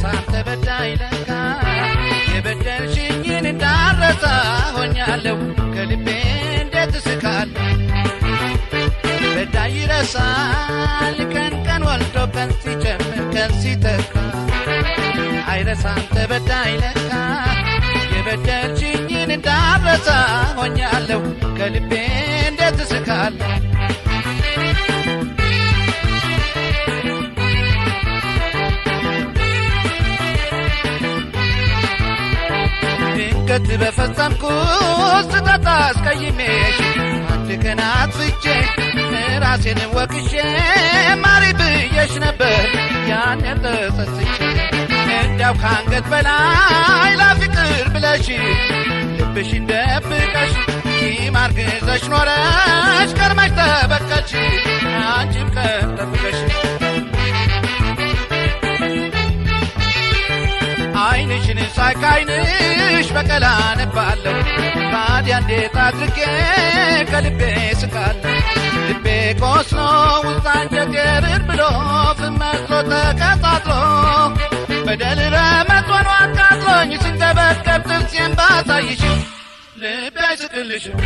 ሳም ተበዳይ ለካ የበደልሽኝን እንዳረሳ ሆኛለሁ ከልቤ እንዴት ስቃል በዳይ ይረሳል ቀን ቀን ወልዶበት ሲጀምር ቀን ሲተካ አይረሳም ተበዳይ ለካ የበደልሽኝን እንዳረሳ ሆኛለሁ ከልቤ መንገድ በፈጸምኩ ስህተት አስቀይሜሽ አንድ ቀን አጥፍቼ ራሴን ወቅሼ ማሪ ብዬሽ ነበር ያን ተጸጽቼ እንዳው ካንገት በላይ ላፍቅር ብለሽ ልብሽ እንደብቀሽ ኪማርግዘሽ ኖረሽ ቀድመሽ ተበቀልሽ አንቺም ቀርተፍ ሳይ ካይንሽ በቀላ ነባለሁ ታዲያ እንዴት አድርጌ ከልቤ ስቃለሁ ልቤ ቆስሎ ውስጣንጀት የርር ብሎ ስመስሎ ተቀጣጥሎ በደል ረመቶን አቃጥሎኝ ስንተበቀብ ጥርሴን ባሳይሽ ልቤ አይስቅልሽም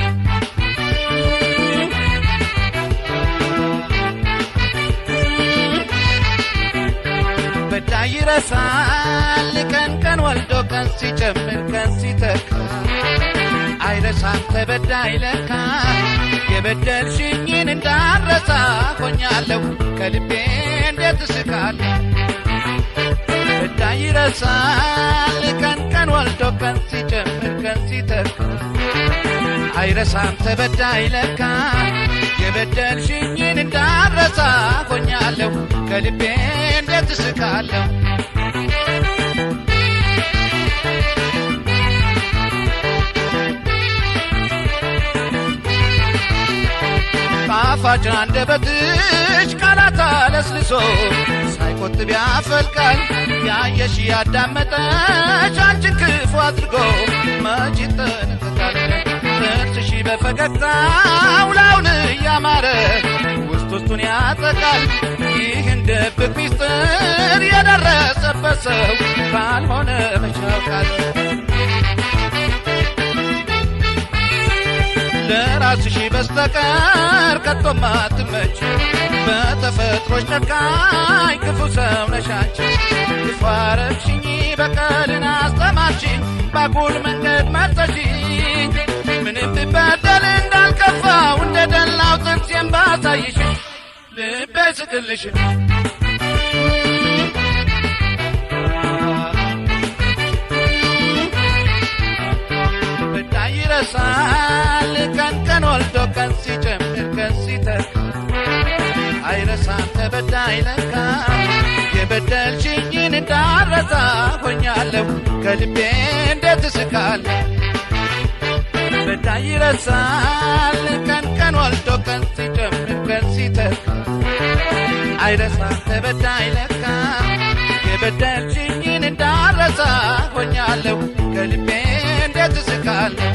ይረሳል ቀን ቀን ወልዶ ቀን ሲጨምር ቀን ሲተካ አይረሳም ተበዳይ ለካ የበደልሽኝን እንዳረሳ ሆኛለሁ ከልቤ እንዴት እስቃለሁ በዳይ ይረሳል ቀን ቀን ወልዶ ቀን ሲጨምር ቀን ሲተካ አይረሳም ተበዳይ ለካ የበደልሽኝን እንዳረሳ ሆኛለሁ ከልቤ እንዴት እስቃለሁ ጣፋጭ አንደበትሽ ቃላት አለስልሶ ሳይቆጥብ ያፈልቃል ያየሽ ያዳመጠች አንቺን ክፉ አድርጎ መች ይጠነቀቃል ጥርስሽ በፈገግታ ትምህርቱን ያጠቃል። ይህን ድብቅ ሚስጥር የደረሰበት ሰው ባልሆነ መች ያውቃል? ለራስሽ በስተቀር ከቶም አትመች። በተፈጥሮች ጨካኝ ክፉ ሰው ነሻች። አንቺ። ክፉ አረግሽኝ፣ በቀልን አስተማርሽኝ፣ ባጉል መንገድ መርጠሽ sıkınlaşın. ይረሳል ቀን ቀን ወልዶ ቀን ሲጨምር ቀን ሲተካ አይረሳም ተበዳይ ለካ የበደልሽኝን እንዳረሳ ሆኛለሁ ከልቤ እንዴት ስቃለ በዳይ ይረሳል ቀን ቀን ወልዶ ቀን ሲጨምር ቀን ሲተካ አይረሳ ተበዳይ ለካ የበደልሽኝን እንዳረሳ ሆኛለሁ ከልቤ እንዴት እስቃለሁ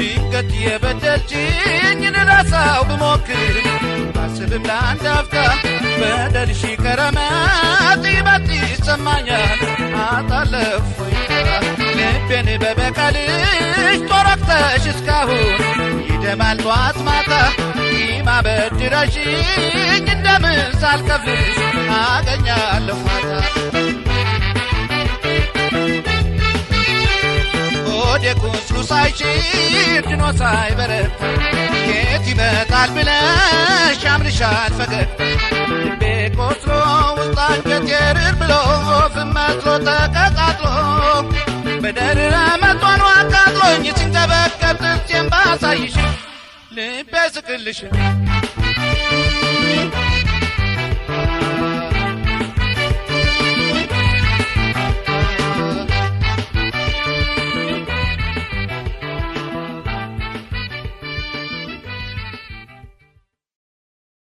ድንገት የበደልሽኝን ብሞክር በደልሽ ይሰማኛል ልቤን በበቀልሽ ጦረቅተሽ እስካሁን ይደማል ጧት ማታ ይማበድረሽኝ እንደምን ሳልከፍልሽ አገኛለሁ ፋታ ሆዴ ቁስሉ ሳይሽር ድኖ ሳይበረታ ጌት ይመጣል ብለሽ አምልሻል ፈገግታ ልቤ ቆስሎ ውስጥ አንጀቴ ርር ብሎ ፍመጥሎ ተቀ ልቤ ስቅልሽ